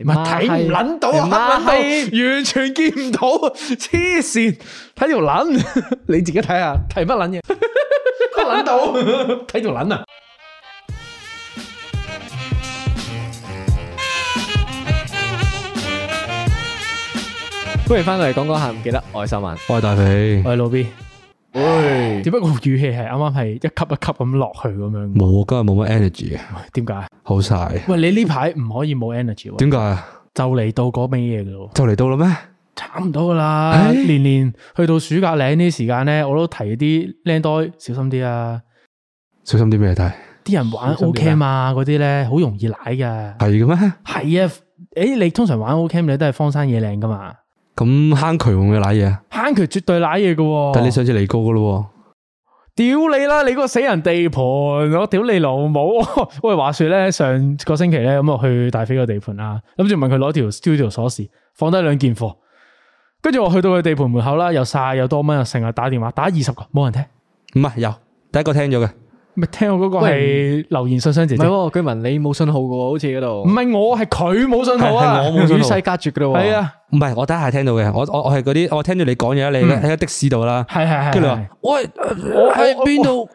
.你係睇唔撚到，完全見唔到，黐線！睇條撚， 你自己睇下，睇乜撚嘢？睇唔到，睇條撚啊！歡迎翻嚟，講講下唔記得，我係三萬，我係大肥，我係老 B。喂，只不過語氣係啱啱係一級一級咁落去咁樣，冇今日冇乜 energy 嘅，點解光？好晒。喂，你呢排唔可以冇 energy，點解？就嚟到嗰咩嘢嘅咯？就嚟到啦咩？差唔多噶啦！年年去到暑假呢啲時間咧，我都提啲僆仔小心啲啊！小心啲咩？睇啲人玩 Ocamp 啊，嗰啲咧好容易奶噶，係嘅咩？係啊，誒，你通常玩 Ocamp 你都係荒山野嶺噶嘛？咁坑渠會唔會瀨嘢？坑渠絕對瀨嘢噶，但係你上次嚟過噶咯，屌你啦，你個死人地盤，我屌你老母！ 喂，話說咧，上個星期咧，咁我去大飛個地盤啦，諗住問佢攞條 studio 鎖匙，放低兩件貨，跟住我去到佢地盤門口啦，又曬又多蚊，又成日打電話，打二十個冇人聽，唔係有第一個聽咗嘅。咪聽到嗰個係留言信箱姐姐，據聞你冇信號嘅，好似嗰度。唔係我係佢冇信號啊，我與世隔絕嘅啦。係啊，唔係我第一係聽到嘅，我我我係嗰啲，我聽到你講嘢啦，你喺個的士度啦。係係係，跟住話，喂，我喺邊度？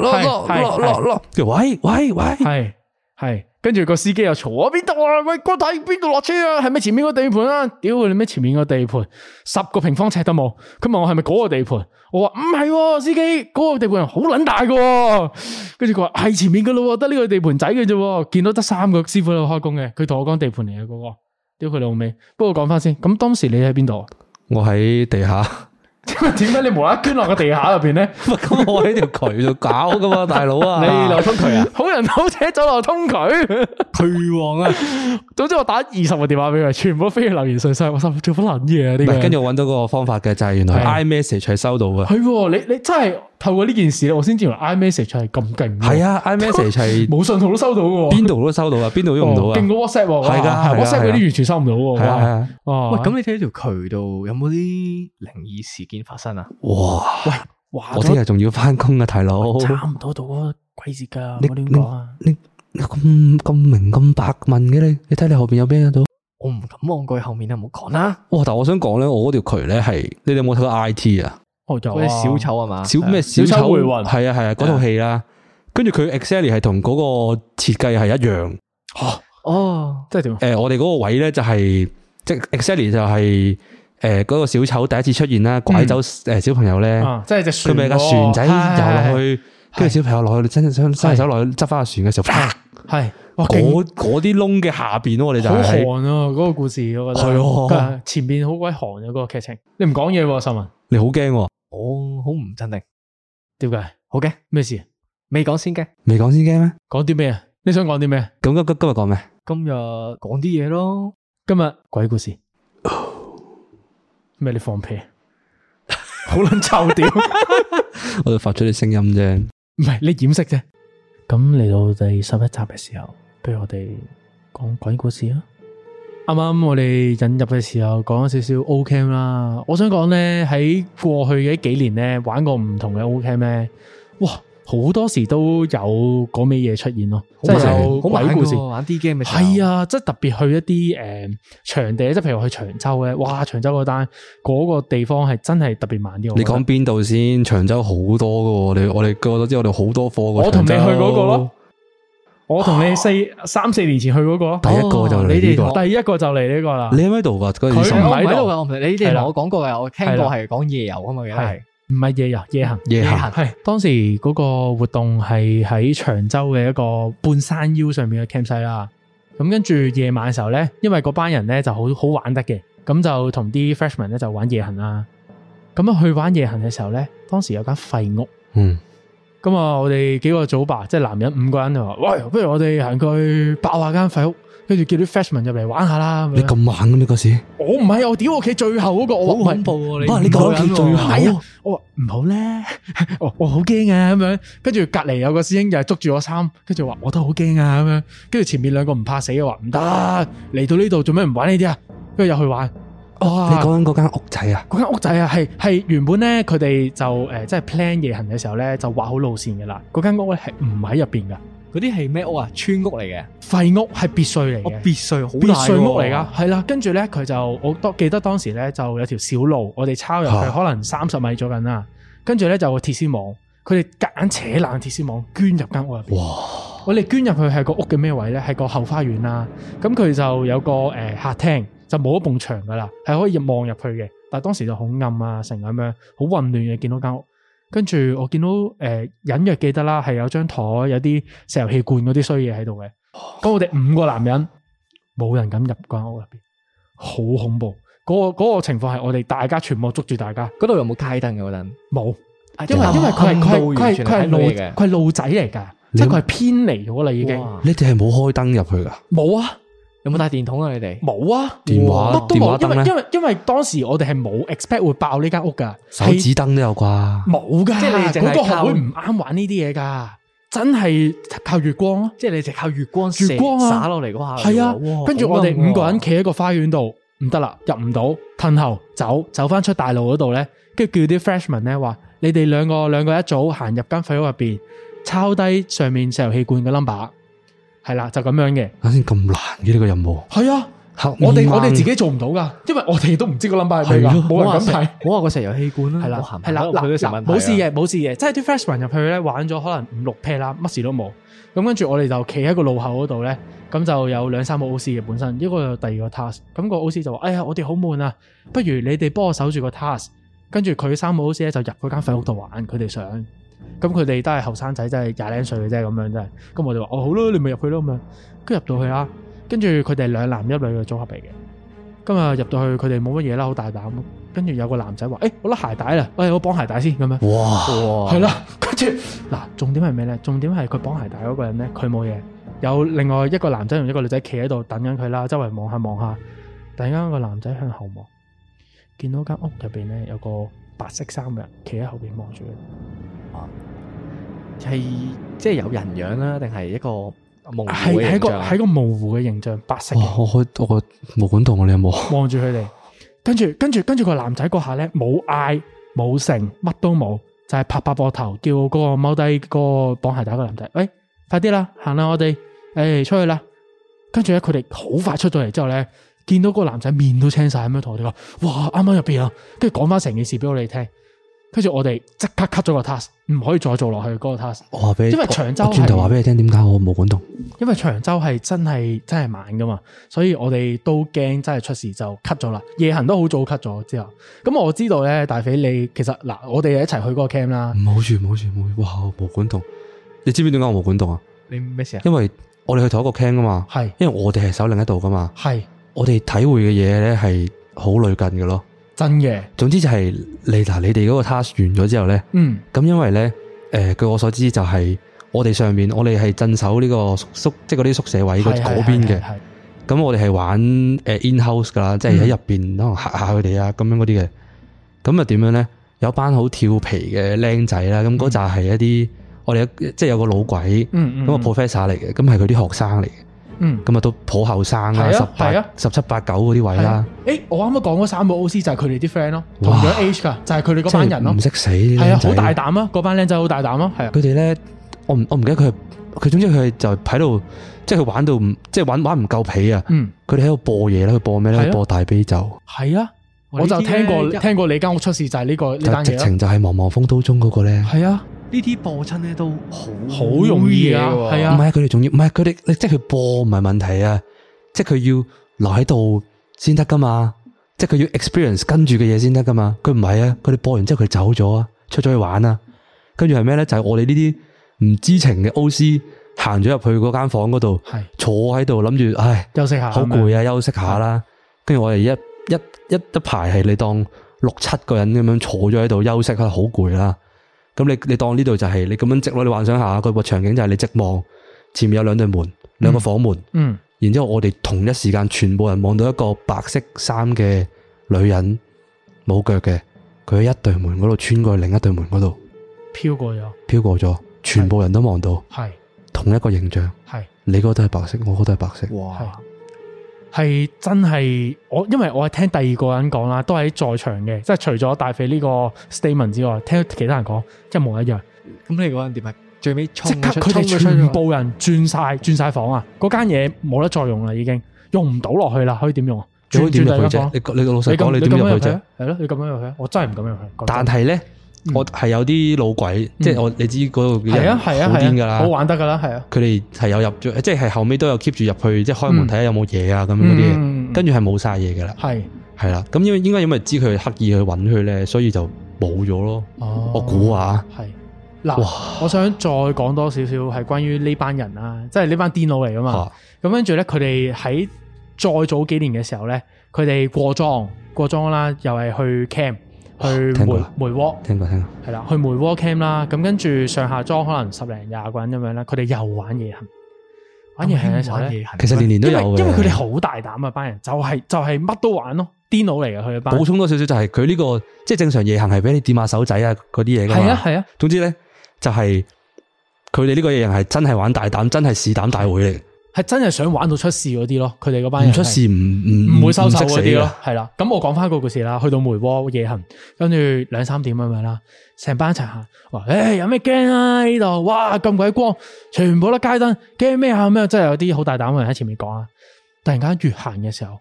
落落落落落，喂喂喂，係係。跟住個司機又嘈啊，邊度啊？喂，哥睇邊度落車啊？係咪前面個地盤啊？屌你咩？前面個地盤十個平方尺都冇。佢問我係咪嗰個地盤？我話唔係，司機嗰個地盤好撚大嘅。跟住佢話係前面嘅咯，得呢個地盤仔嘅啫。見到得三個師傅喺度開工嘅，佢同我講地盤嚟嘅嗰個，屌佢老味。不過講翻先，咁當時你喺邊度？我喺地下。點解你無啦啦捐落個地下入邊咧？咁我喺條渠度搞噶嘛，大佬啊！你流通渠啊？好人好者走落通渠，渠 王啊！ 總之我打二十個電話俾佢，全部都飛去留言信箱。我心做乜捻嘢啊？呢跟住我揾到個方法嘅，就係、是、原來 iMessage 收到對、哦、im 啊！係，你你真係透過呢件事咧，我先知原來 iMessage 係咁勁 。係啊，iMessage 冇信號都收到，邊度都收到都、哦、啊？邊度都用唔到啊？勁到我，WhatsApp 係噶，WhatsApp 嗰啲完全收唔到。係啊，哇、啊！咁、啊啊啊啊啊、你睇條渠度有冇啲靈異事？件發生啊！哇，喂、哦啊啊，我聽日仲要翻工啊，大佬，差唔多到嗰個季節噶，你亂講啊？你咁咁明咁白問嘅你，你睇你後邊有咩到？我唔敢望佢後面啊，唔好講啦。哇！但係我想講咧，我嗰條渠咧係，你哋有冇睇過 I T 啊？哦，嗰啲小丑啊嘛？小咩小丑回魂？係啊係啊，嗰套戲啦。跟住佢 exactly 係同嗰個設計係一樣。吓哦，即係點？誒，我哋嗰個位咧就係即 exactly 就係、是。就是就是誒，嗰個小丑第一次出現啦，拐走，誒，小朋友咧，即係隻船，佢咪架船仔游落去，跟住小朋友落去，真真想伸手落去執翻個船嘅時候，啪，係，哇，嗰啲窿嘅下邊，我哋就好寒啊！嗰個故事，我覺得係前面好鬼寒嘅嗰個劇情。你唔講嘢，秀文，你好驚，我好唔鎮定，點解？好驚，咩事？未講先驚，未講先驚咩？講啲咩？你想講啲咩？咁今今今日講咩？今日講啲嘢咯，今日鬼故事。咩你放屁？好撚臭屌！我就發出啲聲音啫，唔係你掩飾啫。咁嚟到第十一集嘅時候，不如我哋講鬼故事啊！啱啱我哋引入嘅時候講咗少少 Ocamp 啦，我想講咧喺過去嘅呢幾年咧玩過唔同嘅 Ocamp 咩？哇！好多時都有嗰味嘢出現咯，即係有鬼故事，玩啲 game 咪係啊！即係特別去一啲誒場地，即係譬如去長洲咧，哇！長洲嗰單嗰個地方係真係特別慢啲。你講邊度先？長洲好多噶，我哋我哋我都知，我哋好多科。我同你去嗰個咯，我同你四三四年前去嗰個。第一個就嚟呢個，第一個就嚟呢個啦。你喺度噶？佢唔喺度噶，唔係你哋同我講過噶，我聽過係講夜遊噶嘛嘅。唔係夜行，夜行夜行係。行是當時嗰個活動係喺長洲嘅一個半山腰上面嘅 campsite 啦。咁跟住夜晚嘅時候咧，因為嗰班人咧就好好玩得嘅，咁就同啲 freshman 咧就玩夜行啦。咁啊去玩夜行嘅時候咧，當時有間廢屋，嗯，咁啊、嗯、我哋幾個組爸，即係男人五個人就話，喂，不如我哋行去爆吓間廢屋。跟住叫啲 freshman 入嚟玩下啦！你咁猛嘅咩嗰時？我唔係我屌屋企最後嗰、嗰個，好恐怖啊，你講屋企最後？我唔係。我話唔好咧，我好呢 我好驚啊！咁樣跟住隔籬有個師兄就捉住我衫，跟住話我都好驚啊！咁樣跟住前面兩個唔怕死嘅話唔得，嚟到呢度做咩唔玩呢啲啊？跟住又去玩。哦，你講緊嗰間屋仔啊？嗰間屋仔啊，係係原本咧，佢哋就誒，即係 plan 夜行嘅時候咧，就畫好路線嘅啦。嗰間屋咧係唔喺入邊噶。嗰啲係咩屋啊？村屋嚟嘅，廢屋係別墅嚟嘅。哦，別墅好大別墅屋嚟噶，係啦。跟住咧，佢就我都記得當時咧就有條小路，我哋抄入去，啊、可能三十米左右啦。跟住咧就有個鐵絲網，佢哋夾硬扯爛鐵絲網，捐入間屋入邊。哇！我哋捐入去係個屋嘅咩位咧？係個後花園啦、啊。咁佢就有個誒客廳，就冇一埲牆噶啦，係可以望入去嘅。但係當時就好暗啊，成咁樣好混亂嘅，見到間屋。跟住我見到誒，呃，隱約記得啦，係有張台有啲石油氣罐、嗰啲衰嘢喺度嘅。咁我哋五個男人冇人敢入間屋入邊，好恐怖。嗰、嗰個、嗰個情況係我哋大家全部捉住大家。嗰度有冇街燈嘅嗰陣？冇，因為因為佢係佢係佢係路嘅，佢係、哦嗯、路仔嚟嘅，你即係佢係偏離咗啦已經。你哋係冇開燈入去噶？冇啊。有冇帶電筒啊？你哋冇啊，電話，乜都冇，因為因為因為當時我哋係冇 expect 會爆呢間屋噶，手指燈都有啩，冇嘅，即係嗰個學會唔啱玩呢啲嘢噶，真係靠月光咯，啊，即係你直靠月光月光灑落嚟嗰下，係啊，跟住我哋五個人企喺個花園度，唔得啦，入唔到，褪後走，走翻出大路嗰度咧，跟住叫啲 freshman 咧話，你哋兩個，兩個一組行入間廢屋入邊，抄低上面石油氣罐嘅 number。係啦，就咁樣嘅。啱先咁難嘅呢個任務。係啊的，我哋我哋自己做唔到噶，因為我哋都唔知個 number 係咩冇話咁睇，我話個石油氣罐啦、啊。係啦的，係啦，冇事嘅，冇事嘅，即係啲 freshman 入去咧玩咗可能五六 pair 啦，乜事都冇。咁跟住我哋就企喺個路口嗰度咧，咁就有兩三個 O C 嘅本身，呢個有第二個 task。咁個 O C 就話：哎呀，我哋好悶啊，不如你哋幫我守住個 task。跟住佢三個 O C 咧就入嗰間廢屋度玩，佢哋、嗯、想。咁佢哋都係後生仔，真係廿零歲嘅啫，咁樣真係。咁我哋話哦，好咯，你咪入去咯咁樣。跟住入到去啦，跟住佢哋兩男一女嘅組合嚟嘅。咁啊，入到去，佢哋冇乜嘢啦，好大膽。跟住有個男仔話，誒、欸，我甩鞋帶啦，欸，我係我綁鞋帶先咁樣。哇，係啦，跟住嗱，重點係咩咧？重點係佢綁鞋帶嗰個人咧，佢冇嘢。有另外一個男仔同一個女仔企喺度等緊佢啦，周圍望下望下，突然間個男仔向後望，見到間屋入邊咧有個。白色衫嘅，人企喺後邊望住佢，啊，係即係有人樣啦，定係一個模糊嘅形象？係係一個係一個模糊嘅形象，白色我。我開到個毛管戙，我哋、啊、有冇？望住佢哋，跟住跟住跟住個男仔嗰下咧，冇嗌冇聲，乜都冇，就係拍拍膊頭，叫嗰個踎低、嗰個綁鞋帶個男仔，喂、欸，快啲啦，行啦，我哋，誒、欸，出去啦，跟住咧，佢哋好快出到嚟之後咧。見到個男仔面都青晒，咁樣同我哋話，哇，啱啱入邊啊！跟住講翻成件事俾我哋聽，跟住我哋即刻 cut 咗個 task，唔可以再做落去嗰個 task。我話俾，因為長洲係轉頭話俾你聽，點解我冇管動？因為長洲係真係真係晚噶嘛，所以我哋都驚真係出事就 cut 咗啦。夜行都好早 cut 咗之後，咁我知道咧，大肥你其實嗱，我哋一齊去嗰個 camp 啦。唔好住，唔好住，唔好住！哇，我冇管動，你知唔知點解我冇管動啊？你咩事啊的？因為我哋去同一個 camp 噶嘛，係，因為我哋係守另一度噶嘛，係的。的我哋體會嘅嘢咧係好類近嘅咯，真嘅。總之就係你嗱，你哋嗰個 task 完咗之後咧，嗯，咁因為咧，誒、呃，據我所知就係我哋上面我哋係鎮守呢個宿即係啲宿舍位嗰邊嘅，咁我哋係玩誒 in house 噶啦，即係喺入邊可能吓下佢哋啊，咁樣嗰啲嘅。咁啊點樣咧？有班好調皮嘅靚仔啦，咁嗰扎係一啲、嗯、我哋即係有、就是、有一個老鬼，咁、嗯嗯、個 professor 嚟嘅，咁係佢啲學生嚟嘅。嗯，咁啊都頗後生啦，十、八、啊，十七八九嗰啲位啦。誒，我啱啱講嗰三個 O C 就係佢哋啲 friend 咯，同樣 H g 噶，就係佢哋嗰班人咯。唔識死，係啊，好大膽咯，嗰班靚仔好大膽咯，係啊。佢哋咧，我唔，我唔記得佢，佢總之佢係就喺度，即係佢玩到，即係玩玩唔夠皮啊。嗯，佢哋喺度播嘢啦，佢播咩咧？播大悲咒。係啊，我就聽過聽過你間屋出事就係呢個直情就係茫茫風都中嗰個咧。係啊。呢啲播親咧都好好容易啊，係啊，唔係啊，佢哋仲要，唔係佢哋，即係佢播唔係問題啊，即係佢要留喺度先得噶嘛，即係佢要 experience 跟住嘅嘢先得噶嘛，佢唔係啊，佢哋播完之後佢走咗啊，出咗去玩啊，跟住係咩咧？就係、是、我哋呢啲唔知情嘅 O. C. 行咗入去嗰間房嗰度，係的坐喺度諗住，唉，休息下，好攰啊，的休息下啦。跟住我哋一一一一排係你當六七個人咁樣坐咗喺度休息，覺得好攰啦。咁你你當呢度就係、是、你咁樣直咯，你幻想下佢，那個場景就係你直望前面有兩對門，兩個房門，嗯，嗯，然之後我哋同一時間全部人望到一個白色衫嘅女人，冇腳嘅，佢喺一對門嗰度穿過去另一對門嗰度，飄過咗，飄過咗，全部人都望到，係是同一個形象，係是你嗰度係白色，我嗰度係白色，哇。係真係我，因為我係聽第二個人講啦，都喺在場嘅，即係除咗大肥呢個 statement 之外，聽其他人講，一模一樣。咁你嗰陣點啊？最尾即刻佢哋全部人轉晒轉晒房啊！嗰間嘢冇得再用啦，已經用唔到落去啦，可以點用？最好點入去啫？你你老實講，你點入去啫？係咯，你咁樣入去，我真係唔咁樣入去。但係咧。我係有啲老鬼，嗯、即係我你知嗰度好癲噶啦，好玩得噶啦，係啊！佢哋係有入咗，即係後尾都有 keep 住入去，即、就、係、是、開門睇下有冇嘢啊，咁嗰啲，嗯、跟住係冇晒嘢噶啦，係係啦。咁、啊、應應該因為知佢刻意去揾佢咧，所以就冇咗咯。哦、我估下，係嗱、啊，哇我想再講多少少係關於呢班人，班人啊，即係呢班癲佬嚟噶嘛。咁跟住咧，佢哋喺再早幾年嘅時候咧，佢哋過莊過莊啦，又係去 camp。去梅梅窩，聽過聽過係啦，去梅窩 camp 啦，咁跟住上下莊可能十零廿個人咁樣啦。佢哋又玩夜行，玩夜行咧，玩夜行，其實年年都有因，因為佢哋好大膽啊，班人就係、是、就係、是、乜都玩咯，癲佬嚟嘅。佢哋班。補充多少少就係佢呢個，即、就、係、是、正常夜行係俾你掂下手仔啊，嗰啲嘢噶係啊係啊。啊總之咧，就係佢哋呢個夜行係真係玩大膽，真係試膽大會嚟。係真係想玩到出事嗰啲咯，佢哋嗰班人出事唔唔唔會收手嗰啲咯，係啦。咁我講翻一個故事啦，去到梅窩夜行，跟住兩三點咁樣啦，成班一齊行，話誒、欸、有咩驚啊呢度？哇咁鬼光，全部都街燈，驚咩喊咩？真係有啲好大膽嘅人喺前面講啊突然間，越行嘅時候，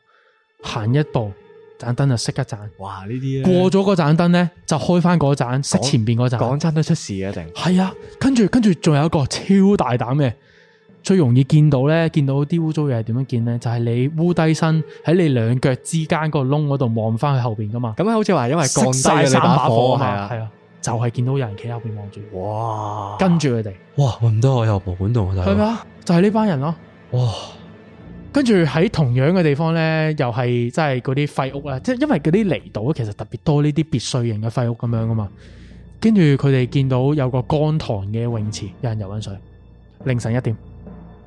行一步盞燈就熄一盞，哇呢啲過咗嗰盞燈咧，就開翻嗰盞，熄前邊嗰盞，講真都出事啊，一定係啊？跟住跟住仲有一個超大膽嘅。最容易見到咧，見到啲污糟嘢係點樣見咧？就係、是、你污低身喺你兩腳之間個窿嗰度望翻去後邊噶嘛。咁咧，好似話因為曬三把火，三把火啊，係啊，就係、是、見到有人企喺後邊望住，哇，跟住佢哋哇咁多，我又冇管道啊，係嘛嗎，就係呢班人咯，哇，跟住喺同樣嘅地方咧，又係即係嗰啲廢屋啦，即係因為嗰啲離島其實特別多呢啲別墅型嘅廢屋咁樣噶嘛。跟住佢哋見到有個乾塘嘅泳池，有人游緊水，凌晨一點。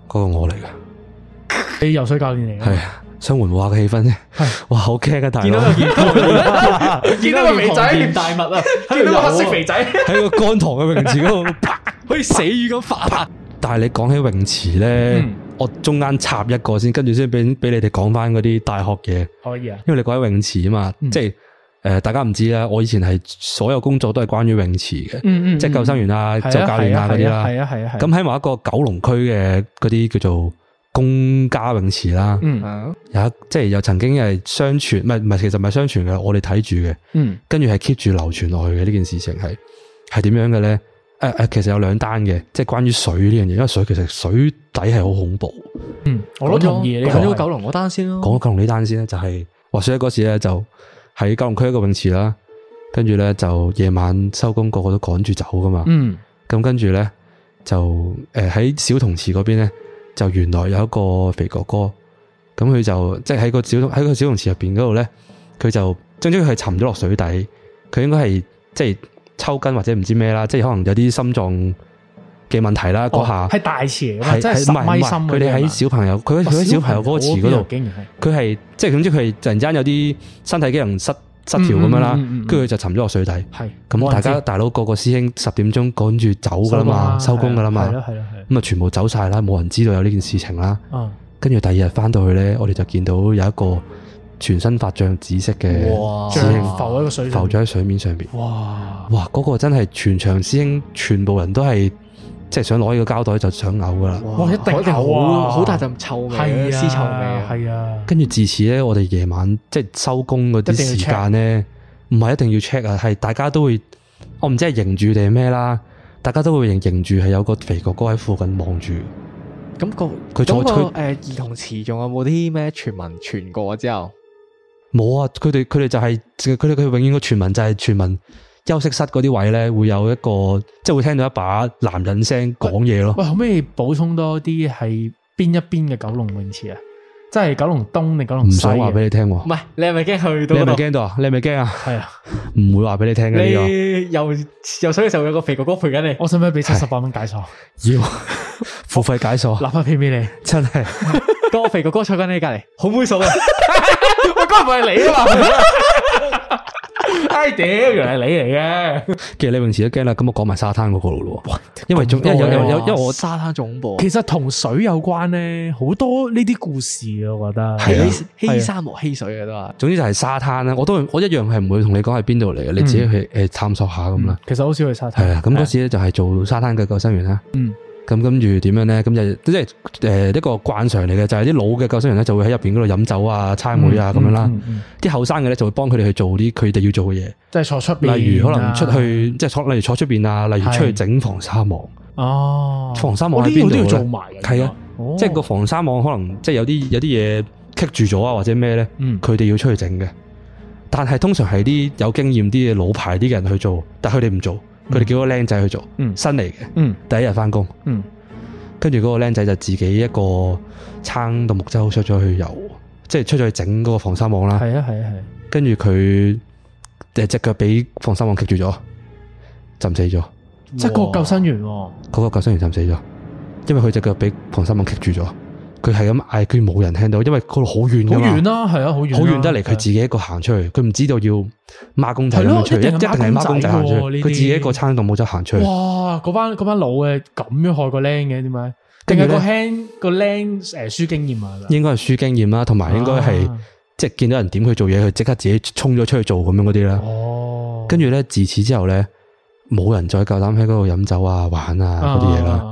嗰個我嚟嘅，你游水教練嚟嘅，係啊，想緩和下個氣氛啫。哇，好驚啊！大佬，見到個肥仔，見到個肥仔，見大物啊！見到個黑色肥仔，喺個乾塘嘅泳池嗰度，啪，可以死魚咁發。但係你講起泳池咧，我中間插一個先，跟住先俾俾你哋講翻嗰啲大學嘢。可以啊，因為你講起泳池啊嘛，即係。誒，大家唔知啦。我以前係所有工作都係關於泳池嘅，嗯嗯，即係救生員啊，就教練啊、嗰啲啦。係啊，係啊，係。咁喺某一個九龍區嘅嗰啲叫做公家泳池啦。嗯，有一即係又曾經係相傳，唔係唔係，其實唔係相傳嘅，我哋睇住嘅。嗯，跟住係 keep 住流傳落去嘅。呢件事情係係點樣嘅咧？誒誒，其實有兩單嘅，即係關於水呢樣嘢，因為水其實水底係好恐怖。嗯，我都同意。你講咗九龍嗰單先咯，講九龍呢單先咧，就係滑水嗰時咧就。喺九龍區一個泳池啦，跟住咧就夜晚收工，個個都趕住走噶嘛。嗯。咁跟住咧就誒喺、呃、小童池嗰邊咧，就原來有一個肥哥哥，咁佢就即係喺個小喺個小童池入邊嗰度咧，佢就最終佢係沉咗落水底，佢應該係即係抽筋或者唔知咩啦，即係可能有啲心臟。嘅問題啦，嗰下係大池嚟，係十米深。佢哋喺小朋友，佢佢喺小朋友嗰個池嗰度，佢係即係總之佢係突然之間有啲身體機能失失調咁樣啦，跟住佢就沉咗落水底。係咁，大家大佬個個師兄十點鐘趕住走噶啦嘛，收工噶啦嘛。咁啊，全部走晒啦，冇人知道有呢件事情啦。跟住第二日翻到去咧，我哋就見到有一個全身發漲紫色嘅師兄浮喺個水，浮咗喺水面上邊。哇哇！嗰個真係全場師兄全部人都係。即係想攞呢個膠袋，就想嘔噶啦！哇，一定好，好大陣臭嘅屍臭味，係啊。跟住自此咧，我哋夜晚即係收工嗰啲時間咧，唔係一定要 check 啊，係大家都會，我唔知係迎住定咩啦，大家都會迎迎住，係有個肥哥哥喺附近望住。咁個佢坐喺誒兒童池，仲有冇啲咩傳聞傳過之後？冇啊！佢哋佢哋就係佢哋佢永遠個傳聞就係傳聞。休息室嗰啲位咧，會有一個，即係會聽到一把男人聲講嘢咯。喂，可唔可以補充多啲係邊一邊嘅九龍泳池啊？即係九龍東定九龍西？唔使話俾你聽，唔係你係咪驚去到？你係咪驚到啊？你係咪驚啊？係啊，唔會話俾你聽嘅，你游游水嘅時候有個肥哥哥陪緊你。我使唔使俾七十八蚊解鎖？要付費解鎖？立刻俾你，真係，個肥哥哥坐緊你隔籬，好猥瑣啊！我哥唔係你啊嘛。 哎屌，原來係你嚟嘅。其實李榮士都驚啦，咁我講埋沙灘嗰個咯，因為總因有有有，哦、因為我沙灘最恐怖，其實同水有關咧，好多呢啲故事啊，我覺得係啊，欺沙漠欺、啊、水嘅都係，總之就係沙灘啦，我都我一樣係唔會同你講係邊度嚟嘅，你自己去誒探索下咁啦、嗯嗯。其實好少去沙灘，係啊，咁嗰次咧就係做沙灘嘅救生員啦。嗯。咁跟住點樣咧？咁就即係誒，一個慣常嚟嘅就係、是、啲老嘅救生員咧，就會喺入邊嗰度飲酒啊、猜枚啊咁樣啦。啲後生嘅咧就會幫佢哋去做啲佢哋要做嘅嘢。即係坐出邊、啊，例如可能出去，即係坐，例如坐出邊啊，例如出去整防沙網。哦，防沙網呢邊都要做埋嘅，係啊、哦，即係個防沙網可能即係有啲有啲嘢棘住咗啊，或者咩咧？佢哋、嗯、要出去整嘅，但係通常係啲有經驗啲嘅老牌啲嘅人去做，但係佢哋唔做。佢哋叫個僆仔去做，新嚟嘅，嗯、第一日翻工，跟住嗰個僆仔就自己一個撐獨木舟出咗去游，即係出咗去整嗰個防鯊網啦。係啊係啊係。跟住佢第隻腳俾防鯊網棘住咗，浸死咗。即係哇個救生員，嗰個救生員浸死咗，因為佢隻腳俾防鯊網棘住咗。佢係咁嗌，佢冇人聽到，因為嗰度好遠好遠啦，係啊，好遠、啊。好遠、啊、得嚟，佢自己一個行出去，佢唔知道要孖公仔咯，一一定係孖公仔行出去。佢些自己一個撐到冇得行出去。哇！嗰班班老嘅咁樣害個僆嘅，點解？定係個僆個僆誒，輸經驗啊？應該係輸經驗啦、啊，同埋應該係、啊、即係見到人點佢做嘢，佢即刻自己衝咗出去做咁樣嗰啲啦。哦，跟住咧自此之後咧，冇人再夠膽喺嗰度飲酒啊、玩啊嗰啲嘢啦。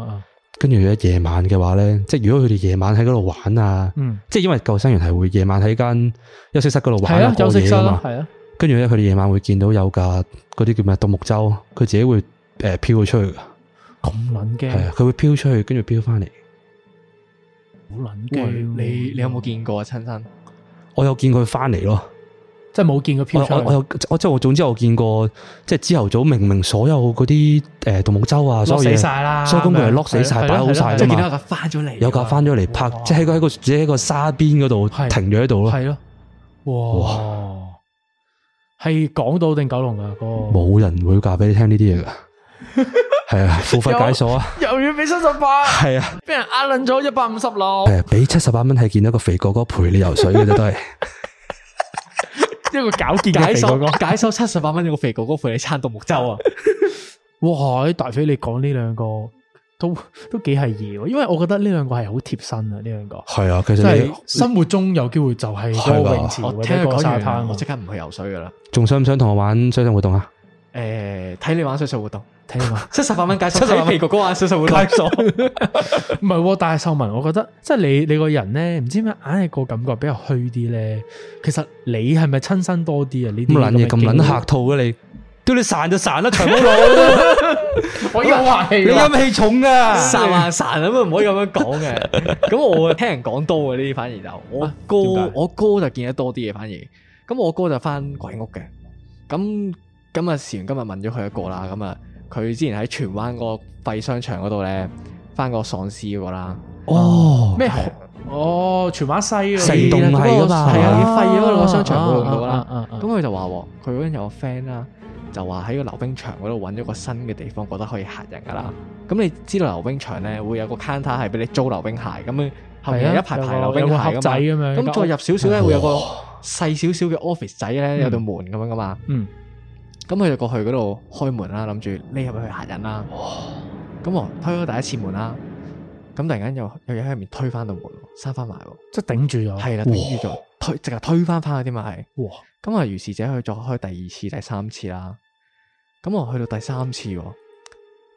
跟住咧，夜晚嘅話咧，即係如果佢哋夜晚喺嗰度玩啊，嗯、即係因為救生員係會夜晚喺間休息室嗰度玩啊，做嘢啊嘛。跟住咧，佢哋夜晚會見到有架嗰啲叫咩獨木舟，佢自己會誒飄出去噶。咁捻驚！佢會飄出去，跟住飄翻嚟。好捻驚！你你有冇見過啊，親身？我有見過佢翻嚟咯。即係冇見過片。我我我即係我總之我見過，即係朝頭早明明所有嗰啲誒獨木舟啊所以，lock 死晒啦，所以工作人員 lock 死晒，擺好晒，即係見到個翻咗嚟，有架翻咗嚟拍，即係喺個喺個即係喺個沙邊嗰度停咗喺度咯。係咯，哇，係港島定九龍噶個？冇人會嫁俾你聽呢啲嘢噶，係啊，付費解鎖啊，又要俾七十八，係啊，俾人壓輪咗一百五十咯，係俾七十八蚊係見到個肥哥哥陪你游水嘅啫，都係。一個搞掂嘅肥哥哥，解鎖七十八蚊一個肥哥哥，陪你撐獨木舟啊！ 哇，大肥你講呢兩個都都幾係嘢，因為我覺得呢兩個係好貼身啊！呢兩個係啊，其實你生活中有機會就係坐泳池或者沙灘，聽佢講晒，我即刻唔去游水噶啦。仲想唔想同我玩水上活動啊？誒，睇，欸、你玩水上活動，睇你玩七十八蚊介紹七十八，十皮哥哥玩水上活動，唔係， 啊，但係秀文，我覺得即係你你個人咧，唔知咩，硬係個感覺比較虛啲咧。其實你係咪親身多啲 啊？呢啲咁撚嘢，咁撚客套嘅你，屌你散就散得長毛佬，我陰氣，你陰氣重啊，散啊散啊，唔唔 可以咁樣講嘅。咁我聽人講多嘅呢啲，反而就我哥，啊、我哥就見得多啲嘢，反而咁我哥就返鬼屋嘅，咁。咁啊，事緣，今日問咗佢一個啦。咁啊，佢之前喺荃灣個廢商場嗰度咧，翻個喪屍嗰個啦。哦，咩麼？哦，荃灣西成棟係啊嘛，係啊，啲廢嗰個商場冇用到啦。咁、啊、佢、啊、就話：佢嗰陣有個 friend 啦，就話喺個溜冰場嗰度揾咗個新嘅地方，覺得可以嚇人噶啦。咁、嗯、你知道溜冰場咧會有個 counter 係俾你租溜冰鞋，咁後面一排排溜冰鞋仔咁樣。咁再入少少咧，會有個細少少嘅 office 仔咧，有道門咁樣噶嘛。嗯。咁佢就過去嗰度開門啦，諗住匿入去嚇人啦？咁哇我推開第一次門啦，咁突然間又有嘢喺入面推翻到門，閂翻埋，即係頂住咗。係啦，頂住咗，推直係推翻翻嗰啲嘛係。哇！咁啊，如是，哇是者去再開第二次、第三次啦。咁我去到第三次，突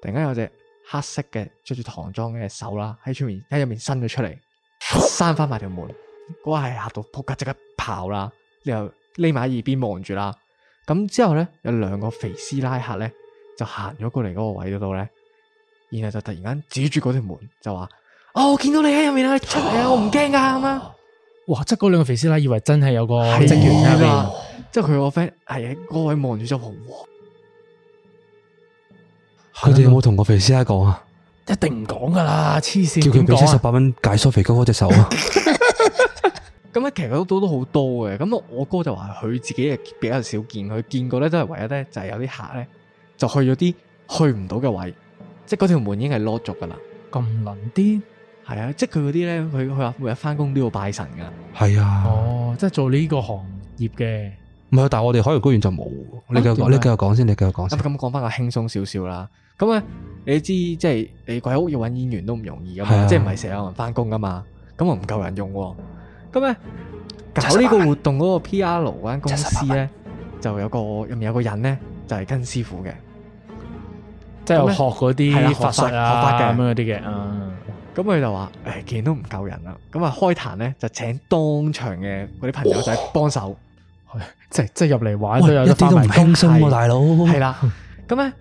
然間有隻黑色嘅着住唐裝嘅手啦，喺出面喺入面伸咗出嚟，閂翻埋條門。我係吓到扑街，即刻跑啦，然後匿埋喺耳邊望住啦。咁之後咧，有兩個肥師奶客咧，就行咗過嚟嗰個位嗰度咧，然後就突然間指住嗰條門就話，啊、哦，我見到你喺入面啊，出嚟啊，我唔驚噶咁啊！哦、樣哇，即嗰兩個肥師奶以為真係有個職員喺入面，即係佢個 friend，係啊，個位望住咗紅黃。佢哋有冇同個肥師奶講啊？一定唔講噶啦，黐線！叫佢俾七十八蚊解縮肥高嗰隻手。咁咧，其實都都都好多嘅。咁我哥就話佢自己啊比較少見，佢見過咧都係唯一咧就係有啲客咧就去咗啲去唔到嘅位，即係嗰條門已經係 lock 咗噶啦。咁倫啲，係啊，即係佢嗰啲咧，佢佢話每日翻工都要拜神噶。係啊，哦，即係做呢個行業嘅。唔係，但係我哋海洋公園就冇。你繼續，嗯、你繼續講先，你繼續講先。咁講翻個，輕鬆少少啦。咁咧、嗯，你知即係你鬼屋要揾演員都唔容易噶嘛，即係唔係成日有人翻工噶嘛，咁啊，唔夠人用喎。咁咧，搞呢個活動嗰個 P.R. 嗰間公司咧，就有個入面有個人咧，就係跟師傅嘅、啊，即係學嗰啲法術啊法界咁樣嗰啲嘅。咁佢就話：誒，見都唔夠人啦，咁啊開壇咧就請當場嘅嗰啲朋友仔幫手，即係即係入嚟玩都有啲都唔輕鬆喎，大佬係啦。咁咧，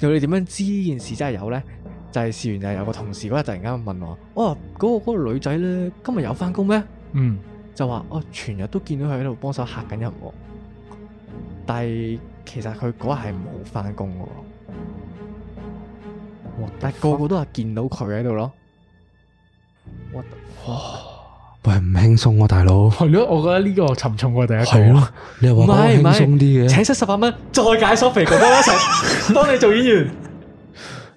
又、 啊、你點樣知件事真係有咧？第但係試完，就有個同事嗰日突然間問我：哦，嗰個嗰個女仔咧，今日有翻工咩？嗯，就話哦，全日都見到佢喺度幫手吓緊人喎。但係其實佢嗰日係冇翻工嘅喎。哇！但係個個都係見到佢喺度咯。哇！喂，唔輕鬆喎，大佬。係咯，我覺得呢個沉重過第一個。係咯，你又話唔輕鬆啲嘅？請出十八蚊再解鎖 Sophie，覺得一齊。當你做演員。